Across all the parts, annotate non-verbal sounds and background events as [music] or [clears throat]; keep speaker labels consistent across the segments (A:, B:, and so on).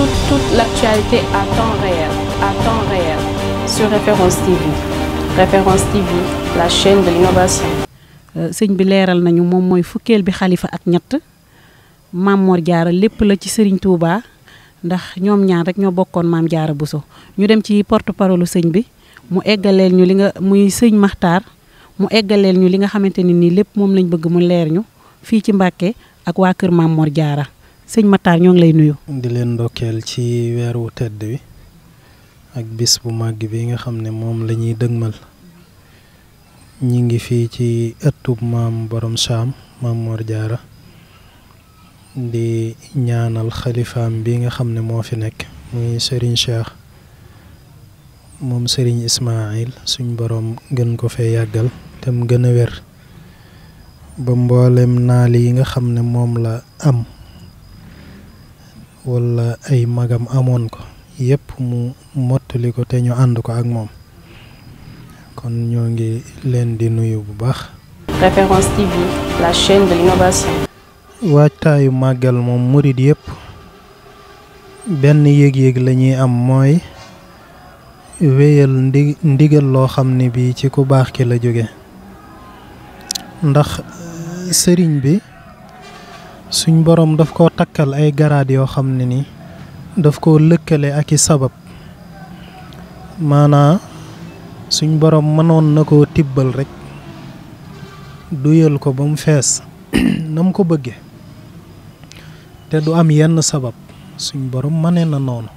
A: toute, toute l'actualité à temps réel, à temps réel, sur Référence TV. Référence TV, la chaîne de l'innovation. Euh, sëñ bi leeral nañu moom mooy fukkeel bi xalifa ak ñett maam Mor Jaara lépp la ci sëriñ Touba ndax ñoom ñaar rek ñoo bokkoon maam Jaara Bousso ñu dem ci porte parole sëñ bi mu eggaleel ñu li nga muy sëñ Maxtaar mu eggaleel ñu li nga xamante ne nii lépp moom lañ bëgg mu leer ñu fii ci Mbàkke ak waa kër maam Jaara sëñ Matar ñoo ngi lay
B: nuyu. di leen ndokkeel ci weeru tedd wi ak bis bu màgg bi nga xam ne moom la ñuy dëgmal ngi fii ci ëttub maam borom saam Mor Jaara di ñaanal xalifaam bi nga xam ne moo fi nekk muy Serigne Cheikh moom Serigne suñ gën ko fee yàggal te mu gën a wér ba mboolem naal yi nga xam ne moom la am wala ay magam amoon ko yépp mu mottali ko te ñu ànd ko ak moom kon ñoo ngi leen di nuyu bu baax. Référence màggal moom murit yépp benn yëg-yëg lañuy am mooy wéyal ndigal loo xam ne bii ci ku baax ki la jóge ndax sëriñ bi. suñ boroom daf koo takkal ay garaad yoo xam ne ni daf koo lëkkale ak i sabab maanaa suñ boroom mënoon na koo tibbal rekk duyal ko ba mu fees [clears throat] na mu ko bëgge te du am yenn sabab suñ boroom mënee na noonu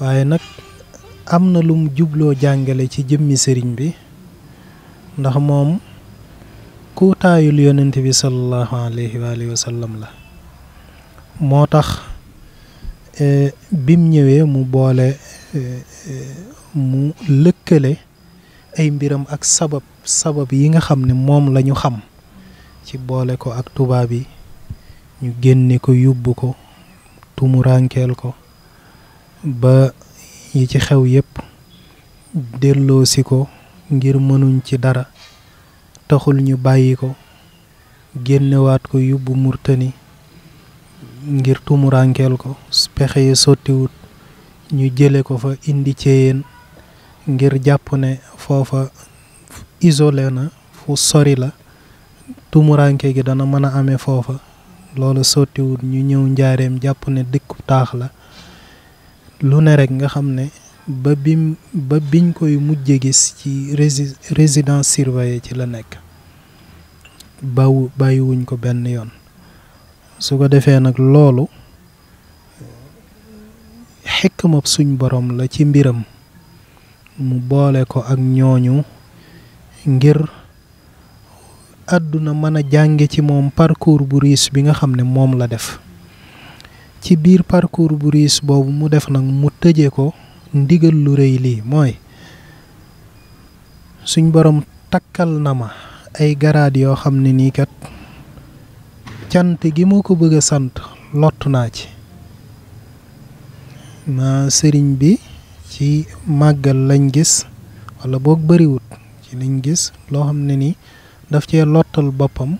B: waaye nag am na lum jubloo jàngale ci jëmmi sëriñ bi ndax moom kuutaayul yonent bi sallallahu alayhi wa alihi sallam la moo tax e, bim ñëwee mu boole e, e, mu lëkkale ay mbiram ak sabab sabab yi nga xam ne moom la ñu xam ci boole ko ak tubaab yi ñu génne ko yóbbu ko tumuraankeel ko ba yi ci xew yépp delloosi ko ngir mënuñ ci dara taxul ñu bàyyi ko génnewaat ko yóbbu murtani ngir tumurankeel ko pexe yi sottiwut ñu jële ko fa indi ceyeen ngir jàpp ne foofa isole na fu sori la tumuraanke gi dana mën a amee foofa loolu sottiwut ñu ñëw njaareem jàpp ne dëkku taax la lu ne rek nga xam ne ba bim ba biñ koy mujje gis ci résidence surveillée ci la nekk baw bàyyiwuñ ko benn yoon su ko defee nag loolu xikmab suñ borom la ci mbiram mu boole ko ak ñooñu ngir àdduna mën a jànge ci moom parcours bu riis bi nga xam ne moom la def ci biir parcours bu riis boobu mu def nag mu tëje ko ndigal lu reey li moy suñ borom takkal na ma ay garaad yoo xam ne kat cant gi ma ko bëgg a sant lott naa ci ma sëriñ bi ci màggal lañ gis wala boog bariwut ci lañ gis loo xam ne daf cee lottal boppam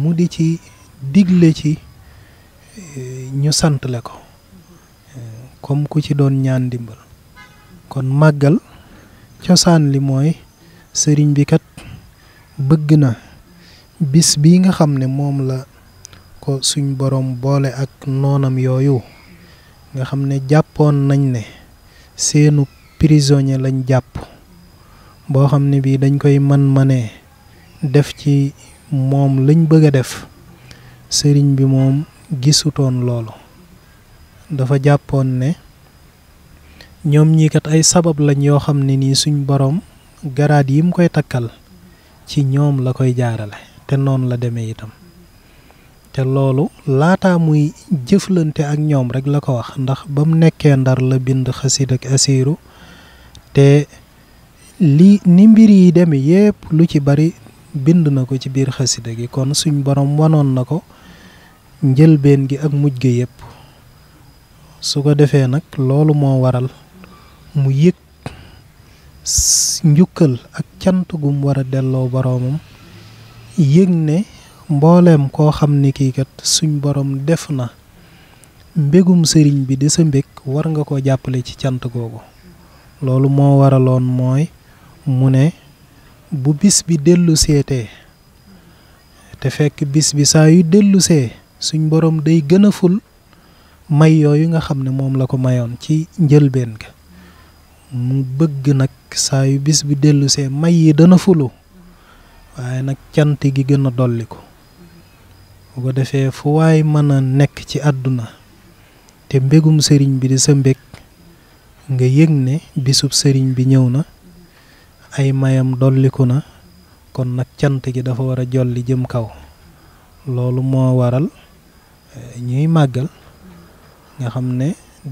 B: mu di ci digle ci eh, ñu sant le ko eh, comme ku ci doon ñaan dimbal kon màggal cosaan li mooy sëriñ bi kat bëgg na bis bi nga xam ne moom la ko suñ boroom boole ak noonam yooyu nga xam ne jàppoon nañ ne seenu prisonnier lañ jàpp boo xam ne bii dañ koy man manee def ci moom lañ bëgg a def sëriñ bi moom gisutoon loolu dafa jàppoon ne ñoom ñii kat ay sabab lañ yoo xam ne nii suñ boroom garaat yi mu koy takkal ci ñoom la koy jaarale te noonu la demee itam te loolu laata muy jëflante ak ñoom rek la ko wax ndax ba mu nekkee ndar la bind xasid ak asiiru te li ni mbir yi deme yépp lu ci bari bind na ko ci biir xasida gi kon suñ boroom wanoon na ko njëlbeen gi ak muj ga yépp su ko defee nag loolu moo waral mu yëg njukkal ak cant gum war a delloo boroomam yëg ne mbooleem koo xam ni kii kat suñ boroom def na mbégum sëriñ bi di sa mbég war nga ko jàppale ci cant googu loolu moo waraloon mooy mu ne bu bis bi dellu seetee te fekk bis bi saa yu dellusee suñ borom day gën a ful may yooyu nga xam ne moom la ko mayoon ci njëlbeen ga mu bëgg nag saa yu bis bi dellusee may yi dana fulu waaye nag cant gi gën a bu ko defee fu waay mën a nekk ci àdduna te mbégum sëriñ bi di sa mbég nga yëg ne bisub sëriñ bi ñëw na ay mayam dolliku na kon nag cant gi dafa war a jolli jëm kaw loolu moo waral eh, ñuy màggal nga xam ne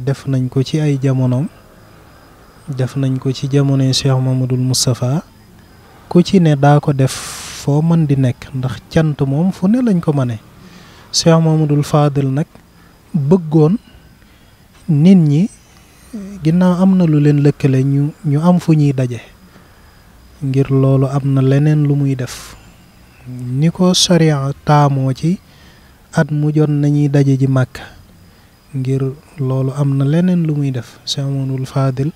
B: def nañ ko ci ay jamonoom def nañ ko ci jamonoy Cheikh Mamadul Moustapha ku ci ne daa ko def foo mën di nekk ndax cant moom fu ne lañ ko mëne Cheikh Mamadul Fadil nag bëggoon nit ñi ginnaaw am na lu leen lëkkale ñu ñu am fu ñuy daje ngir loolu am na leneen lu muy def ni ko sariya taamoo ci at mu jot nañuy daje ji màkk ngir loolu am na leneen lu muy def Cheikh Mamadul Fadil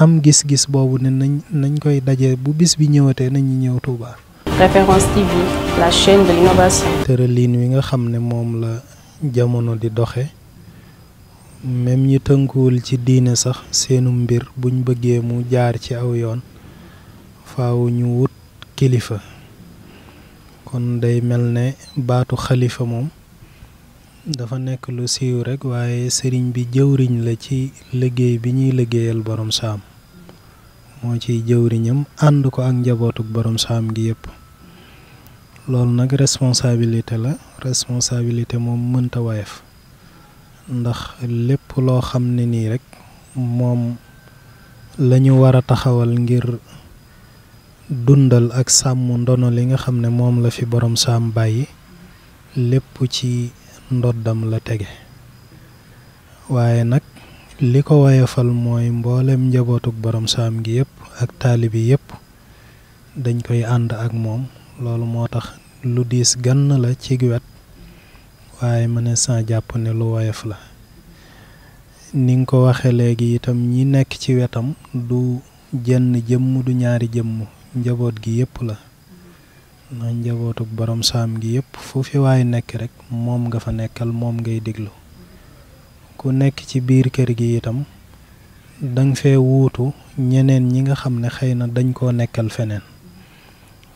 B: am gis-gis boobu ne nañ koy daje bu bis bi ñëwatee nañ ñëw tërëliin wi nga xam ne moom la jamono di doxe même ñi tënkuwul ci diine sax seenu mbir buñ bëggee mu jaar ci aw yoon faaw ñu wut kilifa kon day mel ne baatu xalifa moom. dafa nekk lu siiw rek waaye sëriñ bi jëwriñ la ci liggéey bi ñuy liggéeyal borom saam moo ci jëwriñam ànd ko ak njabootuk borom saam gi yépp loolu nag responsabilité la responsabilité moom mënta wayef ndax lépp loo xam ne rek moom lañu war a taxawal ngir dundal ak sàmm ndono li nga xam ne moom la fi borom saam bàyyi lépp ci ndoddam la tege waaye nag li ko wayefal mooy mboolem njabootuk borom saam gi yëpp ak taalibi yépp dañ koy ànd ak moom loolu moo tax lu diis gann la ci wet waaye ma ne sa jàpp ne lu woyof la ni nga ko waxee léegi itam ñi nekk ci wetam du jenn jëmm du ñaari jëmm njaboot gi yëpp la ndax njabootu borom saam gi yëpp fu fi waay nekk rekk moom nga fa nekkal moom ngay déglu ku nekk ci biir kër gi itam danga fee wuutu ñeneen ñi nga xam ne xëy na dañ koo nekkal feneen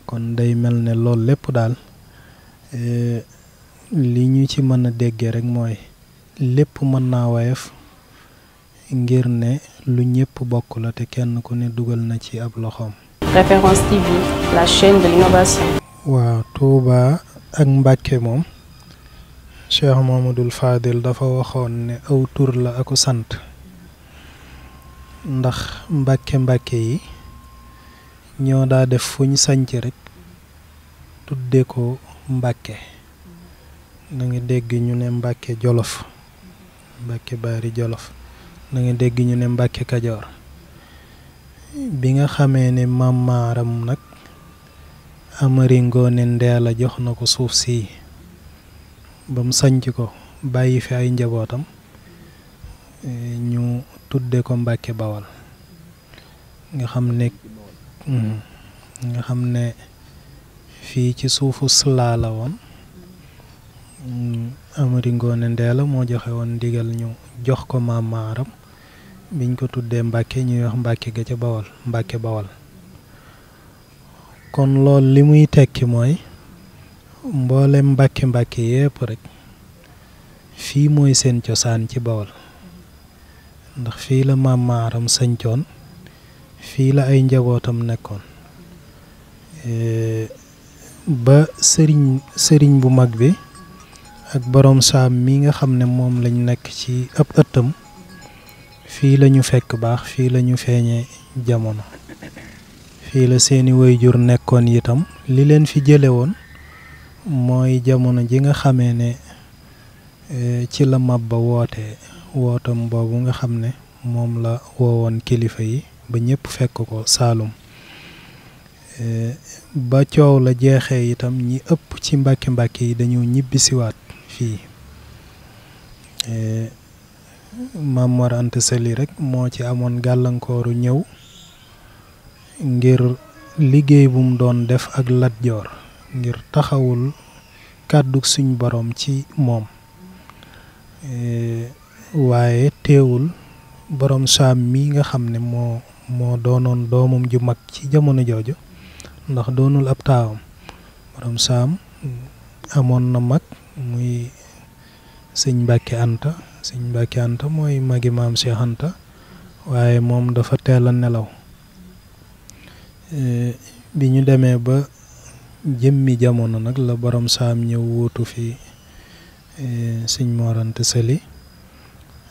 B: kon day mel ne lool lépp daal e, li ñu ci mën a déggee rek mooy lépp mën naa woyof ngir ne lu ñépp bokk la te kenn ku ne dugal na ci ab loxoom. waaw Touba ak Mbàkke moom Cheikh Mamadul Fadil dafa waxoon ne aw tur la aku sant ndax Mbàkke Mbàkke yi ñoo daa def fuñ sanc rekk tudde ko Mbàkke na nga dégg ñu ne Mbàkke Jolof Mbàkke Baari Jolof na nga dégg ñu ne Mbàkke Kajoor bi nga xamee ne maam maaram nag amari ngoone ndeela jox na ko suuf si ba mu sanc ko bàyyi fi ay njabootam e, ñu tudde ko Mbàkke Bawal nga xam ne mhm, nga xam ne fii ci suufu Sula la woon Amari Ngoone Ndeela moo joxe woon ndigal ñu jox ko maam biñ ko tuddee Mbàkke ñuy wax Mbàkke ga ca Bawal Mbàkke Bawal kon loolu li muy tekki mooy mboolem mbàkki mbàkki yépp rek fii mooy seen cosaan ci bawol ndax fii la maam maaram sañcoon fii la ay njabootam nekkoon e, ba sëriñ sëriñ bu mag bi ak boroom saam mi nga xam ne moom lañ nekk ci ab ëttam fii lañu fekk baax fii lañu feeñe jamono fii la seeni wayjur nekkoon itam li leen fi jële woon mooy jamono ji nga xamee ne e, ci la Màbba woote wootam boobu nga xam ne moom la woowoon kilifa yi ba ñépp fekk ko Saalum e, ba coow la jeexee itam ñi ëpp ci mbàkki mbàkki yi dañoo ñibbisiwaat fii e, Maam Mor Anta Sali rek moo ci amoon gàllankooru ñëw ngir liggéey bu mu doon def ak Lat ngir taxawul kàddu suñ boroom ci moom e, waaye teewul boroom saam mi nga xam ne moo moo doonoon doomam ju mag ci jamono jooju ndax doonul ab taawam boroom saam amoon na mag muy sëñ Mbàkke Anta sëñ Mbàkke Anta mooy magi maam Cheikh waaye moom dafa teel a nelaw bi ñu demee ba jëmmi jamono nag la borom saam ñëw wuutu fi e, sëñ Mor Anta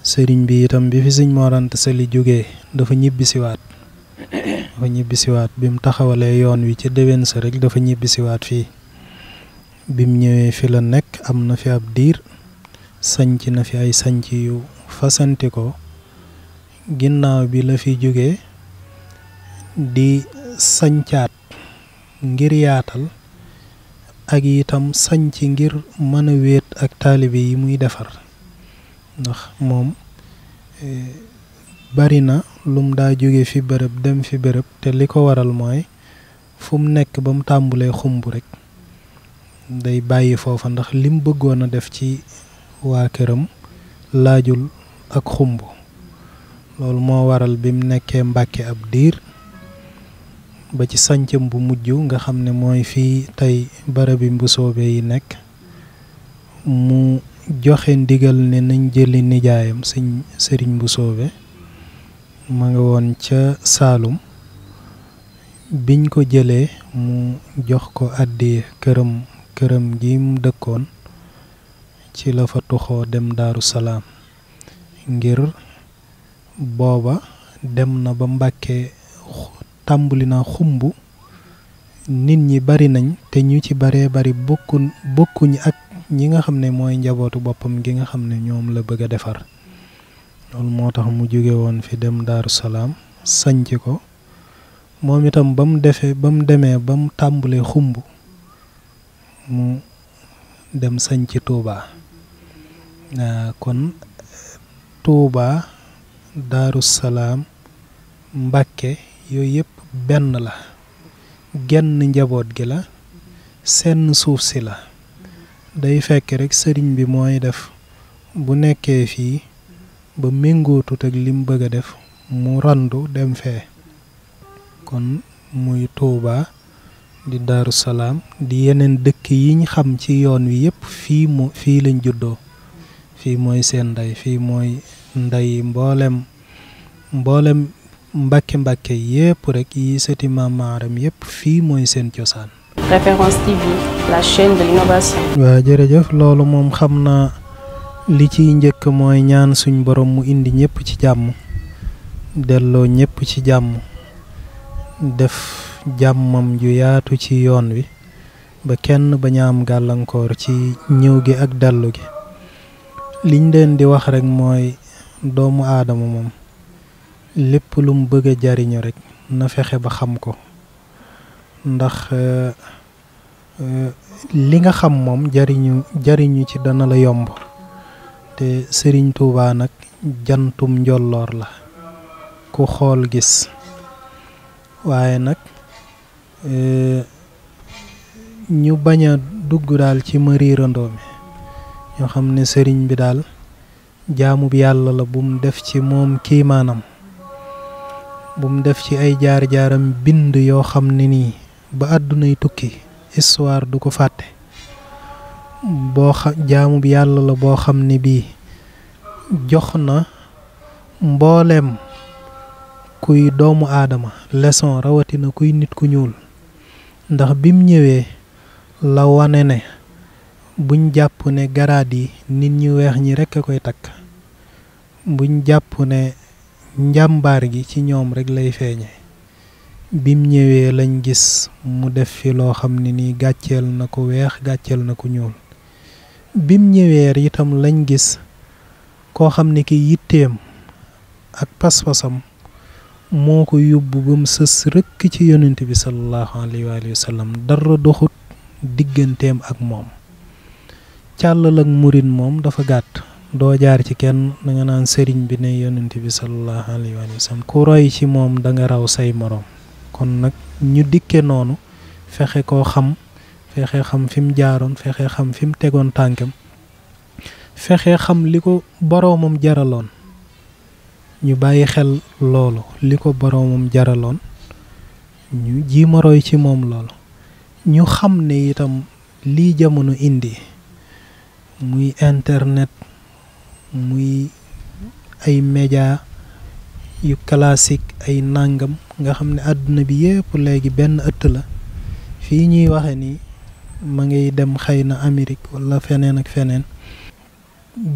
B: sëriñ bi itam bi fi sëñ Mor Anta jógee dafa ñibbisiwaat dafa ñibbisiwaat bi mu taxawalee yoon wi ci déwén sa rek dafa ñibbisiwaat fii bim ñëwee fi la nekk am na fi ab diir sanc na fi ay sanc yu fasanti ko ginnaaw bi la fi jógee di sañcaat ngir yaatal ak itam sañc ngir mën a wéet ak taalibe yi muy defar ndax moom e, bari na lum daa jóge fi bërëb dem fi bërëb te li ko waral mooy fu mu nekk ba mu tàmbulee xumb rekk day bàyyi foofa ndax lim bëggoon a def ci waa këram laajul ak xumb loolu moo waral bi mu nekkee Mbàkke ab diir ba ci sancam bu mujj nga xam ne mooy fii tey barabi mbusoobe yi nekk mu joxe ndigal ne nañ jëli nijaayam sëñ sëriñ mbusoobe ma nga woon ca Saalum biñ ko jëlee mu jox ko àddi këram këram gi mu dëkkoon ci la fa tuxoo dem Daaru Salaam ngir booba dem na ba Mbàkke tàmbuli na xumb nit ñi bari nañ te ñu ci baree bari bokkuñ ak ñi nga xam ne mooy njabootu boppam gi nga xam ne ñoom la bëgg a defar loolu moo tax mu jóge woon fi dem Daaru Salaam sanc ko moom itam ba mu defee ba mu demee ba mu tàmbulee xumb mu dem sañc Tuubaa kon Tuubaa Daaru Salaam Mbàkke yooyu yëpp benn la genn njaboot gi la senn suuf si la day fekk rekk sëriñ bi mooy def bu nekkee fii ba méngootut ak lim bëgg a def mu randu dem fee kon muy Touba di Daaru Salaam di yeneen dëkk yiñ xam ci yoon wi yépp fii mu fii lañ juddoo fii mooy seen ndey fii mooy ndey mboolem mboolem mbàkke mbàkke yep rek yi seti mamaram yep fi moy sen seen
A: référence TV la chaîne de l'innovation.
B: wa jere loolu moom mom xamna li ci njëkk moy ñaan suñ borom mu indi ñep ci jamm delo ñep ci jamm def jammam ju yaatu ci yoon wi ba kenn ba ñaam galankor ci ñew gi ak dalu gi liñ leen di wax rek moy doomu aadama moom. lépp lu mu bëgg a jariñu rek na fexe ba xam ko ndax euh, euh, li nga xam moom jariñu jariñu ci dana la yomb te Sëriñ Tuubaa nag jantum njolloor la ku xool gis waaye nag euh, ñu bañ a dugg daal ci mariirandoo mi ñoo xam ne sëriñ bi daal jaamub yàlla la bum def ci moom kiimaanam bu mu def ci ay jaar-jaaram bind yoo xam ne nii ba àddunay tukki histoire du ko fàtte boo xam jaamu yàlla la boo xam ne bii jox na mbooleem kuy doomu aadama leson rawatina kuy nit ku ñuul ndax bim ñëwee la wane ne buñ jàpp ne garaat yi nit ñu weex ñi rekk a koy takk buñ jàpp ne njàmbaar gi ci ñoom rek lay feeñe bim ñëwee lañ gis mu def fi loo xam ne nii gàcceel na ko weex gàcceel na ko ñuul bim ñëwee itam lañ gis koo xam ki yitteem ak pas-pasam moo ko yóbbu ba mu sës rëkk ci yonent bi salallahu alayhi wa sallam dara doxut digganteem ak moom càll ak murin moom dafa gàtt do jaar ci kenn da nga nan serigne bi ne yonnati bi sallallahu alaihi wa sallam roy ci mom da nga raw say morom kon nak ñu dikke nonu ham, ko xam fexé xam fim ham jaaroon fexe xam fim tegon tankam fexé xam nyu boromum boroomam jaraloon ñu bayyi xel lolu liko boromum boroomam jaraloon ñu jiima roy ci mom lolu ñu xam ne itam li jamono indi muy internet muy ay média yu classique ay nàngam nga xam ne àdduna bi yépp léegi benn ëtt la fii ñuy waxe ni ma ngay dem xëy na Amérique wala feneen ak feneen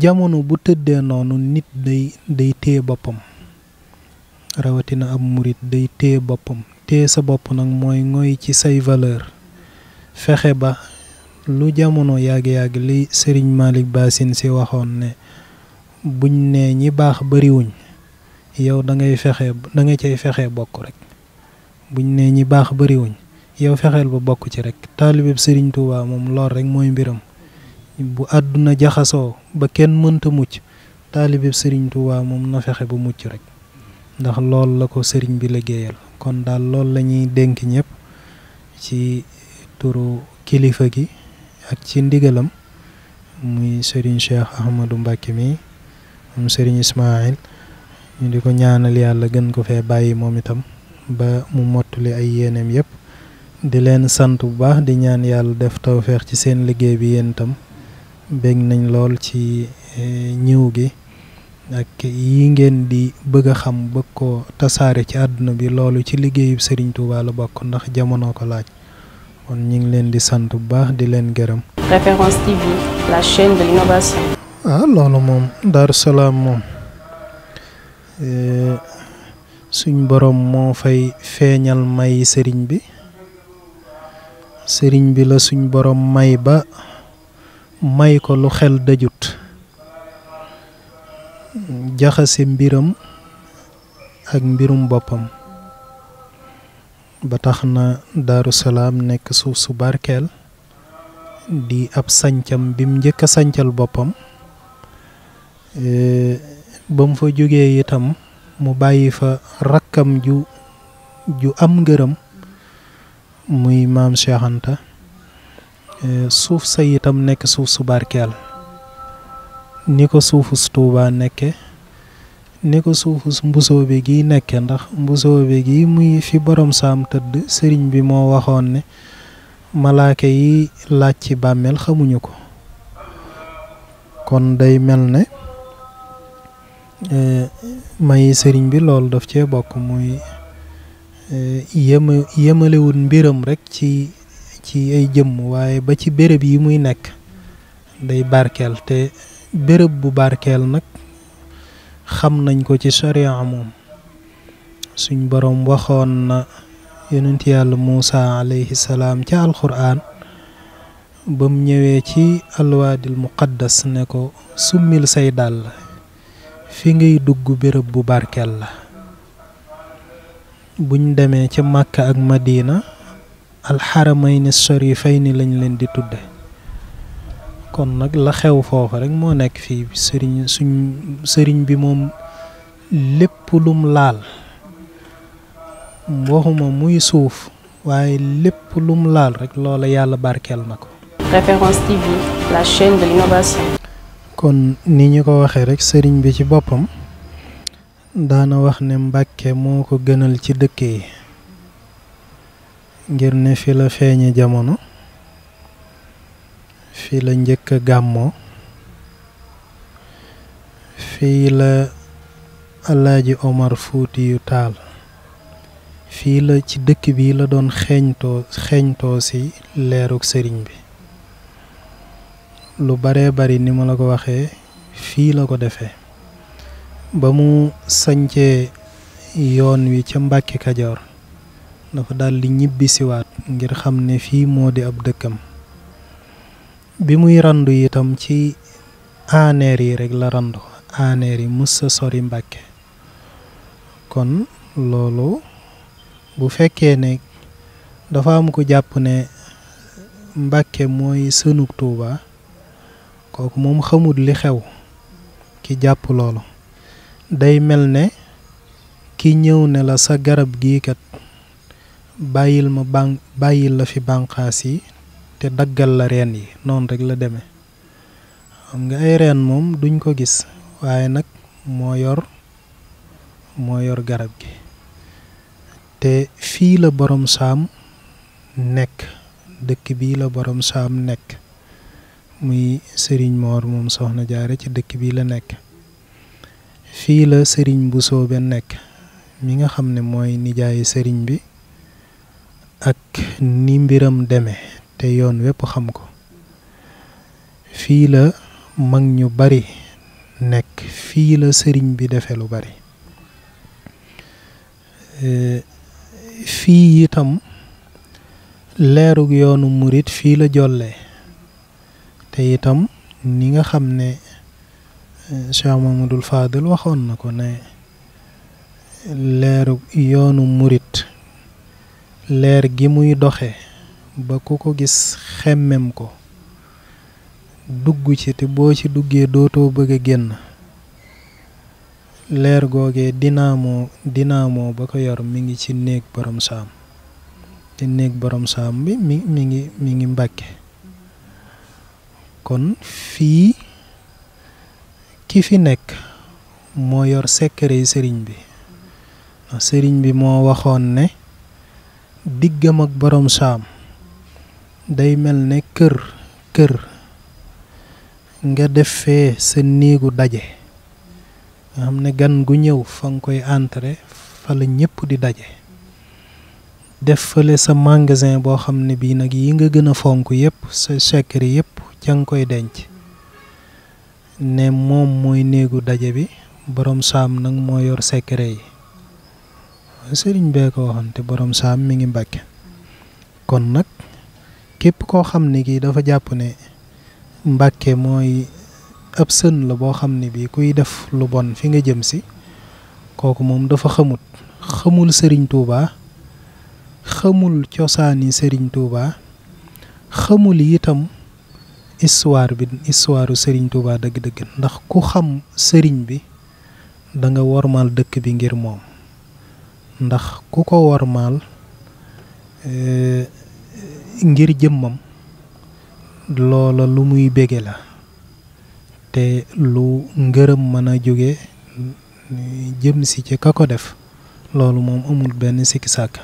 B: jamono bu tëddee noonu nit day day téye boppam rawatina ab murit day téye boppam téye sa bopp nag mooy ngoy ci say valeur fexe ba lu jamono yàgg-yàgg li Serigne Malick Bassine si waxoon ne buñ ne ñi baax wuñ yow da ngay fexé da ngay cey fexé bokk rek buñ ne ñi baax wuñ yow fexel ba bokk ci rek taalibeb serigne touba mom lor rek moy mbiram bu aduna jaxaso ba kenn mënta mucc taalibeb serigne touba mom na fexé bu mucc rek ndax lool la ko serigne bi liggéeyal kon dal lool lañuy denk ñep ci turu kilifa gi ak ci ndigalam muy serigne cheikh ahmadou mbàkke mom Serigne Ismaïl ñu diko ñaanal yalla gën ko fe bayyi moom itam ba mu motuli ay yéeneem yépp di leen sant bu baax di ñaan yalla def tawfeex ci seen liggéey bi yéen tam nañ lool ci eh, ñew gi ak yi ngeen di bëgg a xam ba ko tasaare ci àdduna bi loolu ci liggéeyu Serigne Touba la bokk ndax jamono ko laaj kon ñu ngi di sant bu baax di leen gërëm.
A: Référence TV, la chaîne de l'innovation
B: ah loolu moom daaru salaam moom e, suñ borom moo fay feeñal may sëriñ bi sëriñ bi la suñ borom may ba may ko lu xel dajut jaxase mbiram ak mbirum boppam ba tax na daaru salaam nekk suuf su barkeel di ab sancam bim njëkk sancal boppam ba mu fa jógee itam mu bàyyi fa rakkam ju ju am ngërëm muy maam Cheikh suuf sa itam nekk suuf su barkeel ni ko suufu su Tuubaa nekke ni ko suufu su mbusoo bi gi nekke ndax mbusoo be gi muy fi borom saam tëdd sëriñ bi moo waxoon ne malaake yi laaj ci bàmmeel xamuñu ko kon day mel ne Eh, may sëriñ bi loolu daf cee bokk muy eh, yema mbiram rekk ci ci ay jëmm waaye ba ci béréb yi muy nekk day barkeel te béréb bu barkeel nag xam nañ ko ci sharia moom suñ boroom waxoon na yonent yàlla Muusa alayhi salaam ca alxuraan ba mu ñëwee ci alwaadil muqaddas ne ko summil say dàll fi ngay dugg béréb bu barkel la buñ demee ca màkka ak madina alxaramayni sharifayni lañ leen di tudde kon nag la xew foofa rek moo nekk fii sëriñ suñ sëriñ bi moom lépp lum laal waxuma muy suuf waaye lépp lum laal rek loola yàlla barkeel na ko
A: Référence TV, la
B: chaîne de l'innovation. kon ni ñu ko waxee rekk sëriñ bi ci boppam daana wax ne Mbàkke moo ko gënal ci dëkk yi ngir ne fi la feeñe jamono fi la njëkk a gàmmoo fi la Alaaji Omar Fuuti yu taal fii la ci dëkk bi la doon xeeñtoo xeeñtoo si leerug sëriñ bi lu baree bari ni ma la ko waxee fii la ko defee ba mu sañcee yoon wi ca Mbàkke Kajoor dafa daldi ñibbi siwaat ngir xam ne fii moo di ab dëkkam bi muy randu yitam ci aaneer yi rekk la randu aaneer yi mës sa sori Mbàkke kon loolu bu fekkee ne dafa am ko jàpp ne Mbàkke mooy sënug Tuuba kooku moom xamul li xew ki jàpp loolu day mel ne ki ñëw ne la sa garab gii kat bayil ma bang bayil la fi bànqaas te daggal la reen yi noonu rek la deme xam nga ay reen moom duñ ko gis waaye nag moo yor moo yor garab gi te fii la borom saam nekk dëkk bii la borom saam nekk muy sëriñ Mor moom soxna jaare ci dëkk bii la nekk fii la sëriñ bu soobe nekk mi nga xam ne mooy nijaayu sëriñ bi ak ni mbiram deme te yoon wépp xam ko fii la mag ñu bari nekk fii la sëriñ bi defe lu bari e, fii itam leerug yoonu murit fii la jolle te itam ni nga xam ne eh, Cheikh dul Fadil waxoon na ko ne leeru yoonu murit leer gi muy doxe ba ku ko gis xemmem ko dugg ci te boo ci duggee dootoo bëgg a génn leer googee dinaamoo dinaamoo ba ko yor mi ngi ci néeg borom saam te néeg borom saam bi mi mi ngi mi ngi mbàkke kon fii ki fi nekk moo yor secret sëriñ bi sëriñ bi moo waxoon ne diggam ak boroom saam day mel ne kër kër nga def fee sa néegu daje nga xam ne gan gu ñëw fa nga koy entré fa la ñëpp di daje def fale sa magasin boo xam ne bii nag yi nga gën a fonk yëpp sa secret yëpp ca nga koy denc ne moom mooy néegu daje bi boroom saam nag moo yor secret yi sëriñ bee ko waxante boroom saam mi ngi mbàkke kon nag képp koo xam ne kii dafa jàpp ne mbàkke mooy ab sën la boo xam ne bii kuy def lu bon fi nga jëm si kooku moom dafa xamut xamul sëriñ Touba xamul cosaani sëriñ Touba xamul itam histoire bi histoire serigne touba deug deug ndax ku xam serigne bi da nga wormal dekk bi ngir mom ndax ku ko wormal euh ngir jëmmam loola lu muy bége la te lu ngeureum mëna joggé jëm ci ci kako def loolu mom amul ben sikki sàkk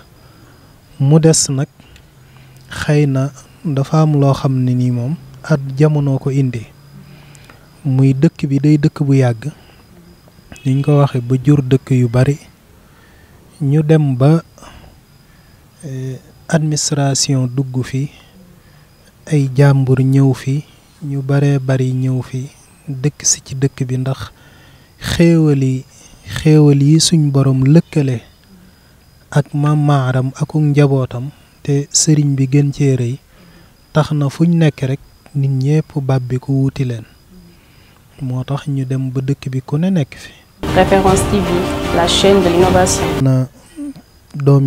B: mu dess nak xeyna dafa am lo xamni ni mom at jamono ko indi muy dëkk bi day dëkk bu yàgg niñ ko waxe ba jur dëkk yu bari ñu dem ba e, administration dugg fi ay jàmbur ñëw fii ñu bare bari ñëw fii dëkk si ci dëkk bi ndax xéewal yi xéewal yi suñ boroom lëkkale ak maam maaram akuk njabootam te sëriñ bi gën cee rëy tax na fuñ nekk rekk nit ñépp bab bi ku wuti leen moo tax ñu dem ba dëkk bi ku ne nekk fi.
A: Référence TV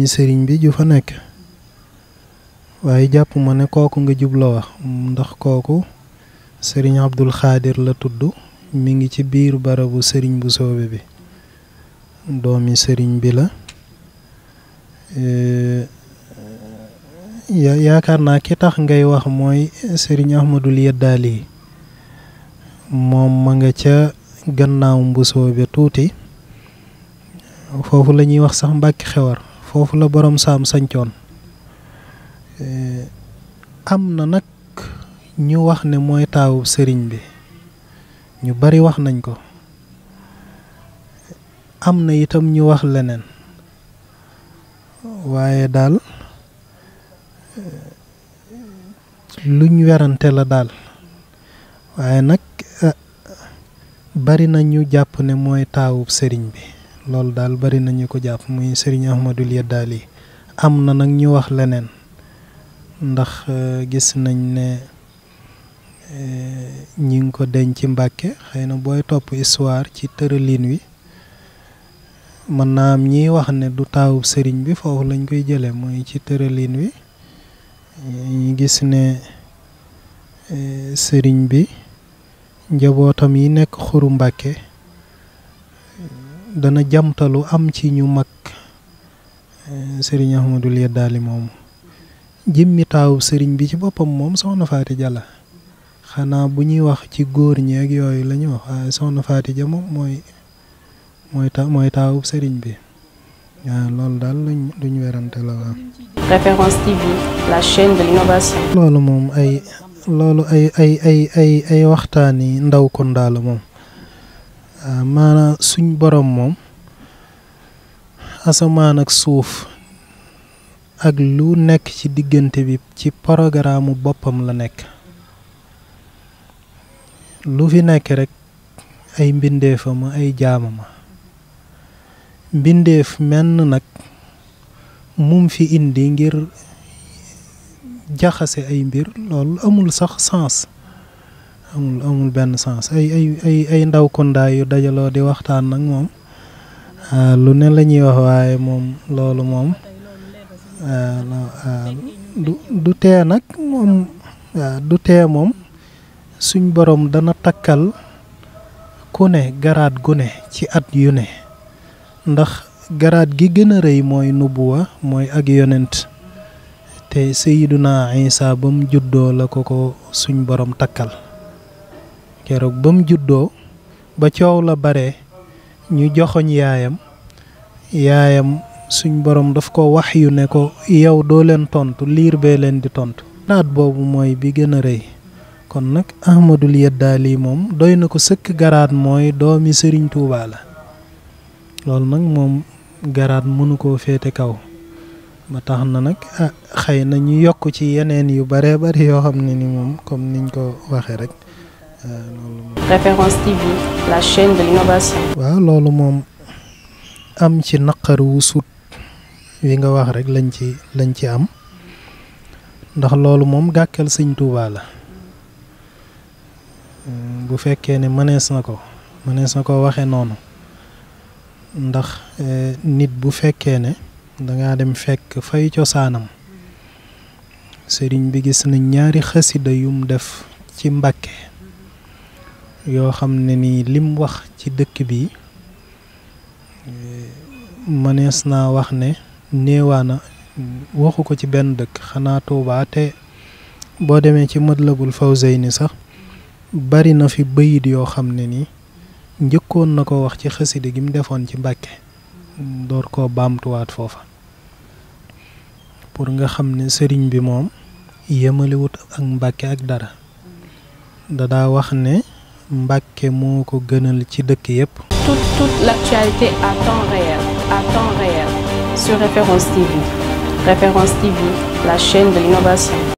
B: sëriñ bi ju fa nekk waaye jàpp ma ne kooku nga jubla wax ndax kooku sëriñ Abdul Xaadir la tudd mi ngi ci biir barabu sëriñ bu soobe bi doomi sëriñ bi la. ya yaakaar naa ki tax ngay wax mooy Serigne Ahmadou Yaddaali moom ma nga ca gannaaw mbusoo bi tuuti foofu la ñuy wax sax mbàkki xewar foofu la borom saam e, am na nag ñu wax ne mooy taawub sëriñ bi ñu bari wax nañ ko am na itam ñu wax leneen waaye daal luñ werante la daal waaye nag eh, bari na ñu jàpp ne mooy taawub sëriñ bi loolu daal bari na ñu ko jàpp muy sëriñ Ahmadul Yaddaali am na nag ñu wax leneen ndax eh, gis nañ ne eh, ñi ngi ko denc ci Mbàkke xëy na booy topp histoire ci tërëlin wi mën naa am ñiy wax ne du taawub sëriñ bi foofu lañ koy jële mooy ci tërëlin wi ñu gis ne e, sëriñ bi njabootam yi nekk xuru Mbàkke dana jamtalu am ci ñu mag e, sëriñ Ahmadul Yaddaali moomu jëmmi taawu sëriñ bi ci boppam moom soxna Faati xanaa bu ñuy wax ci góor ñeeg yooyu la ñuy wax waaye soxna moom mooy mooy sëriñ bi waaw euh, loolu daal luñ luñ werante la waaw. loolu moom ay loolu ay waxtaani ndaw kon daal moom euh, maanaam suñ borom moom asamaan ak suuf ak lu nekk ci diggante bi ci programme boppam la nekk lu fi nekk rekk ay mbindeefama ay jaamama mbindeef menn nag mu fi indi ngir jaxase ay mbir loolu amul sax sens amul amul benn sens ay ay ay ndaw kondaay yu dajaloo di waxtaan nag moom ah, lu ne la ñuy wax waaye moom loolu moom ah, ah, du tee nag moom du tee moom suñ boroom dana takkal ku ne garaat gu ne ci at yu ne ndax garaat gi gën a rëy mooy nubuwa mooy ak yonent te sayiduna Isa ba mu juddoo la ko ko suñ borom takkal keroog ba mu juddoo ba coow la bare ñu joxoñ yaayam yaayam suñ borom daf ko wax yu ne ko yow doo leen tontu liir bee leen di tontu naat boobu mooy bi gën a rëy kon nag Ahmadul Yaddaali moom doy na ko sëkk garaad mooy doomi Sëriñ Tuubaa la loolu nag moom garaat mënu koo féete kaw ba tax na nag ah xëy nañu yokk ci yeneen yu bëree bëri yoo xam ne ni moom comme niñ ko waxee rek
A: ah, waaw loolu moom
B: am ci naqar wu sut wi nga wax rek lañ ci lañ ci am ndax loolu moom gàkkal sëñ Tuubaa la hmm, bu fekkee ne mënees na ko mënees na ko waxee noonu. ndax eh, nit bu fekkee ne dangaa dem fekk fay cosaanam sëriñ bi gis na ñaari xasida yum def ci mbàkke yoo xam ne nii lim wax ci dëkk bi eh, mënees naa wax ne néewaana waxu ko ci benn dëkk xanaa Tuubaa te boo demee ci Matlabul Fawzayni sax bari na fi bayit yoo xam ne nii njëkkoon na ko wax ci xasida gi mu defoon ci Mbàkke door koo baamtuwaat foofa pour nga xam ne sëriñ bi moom yemaliwut ak Mbàkke ak dara dadaa wax ne Mbàkke moo ko gënal ci dëkk yépp
A: toute toute l'actualité à temps réel à temps réel sur Référence TV Référence TV la chaîne de l'innovation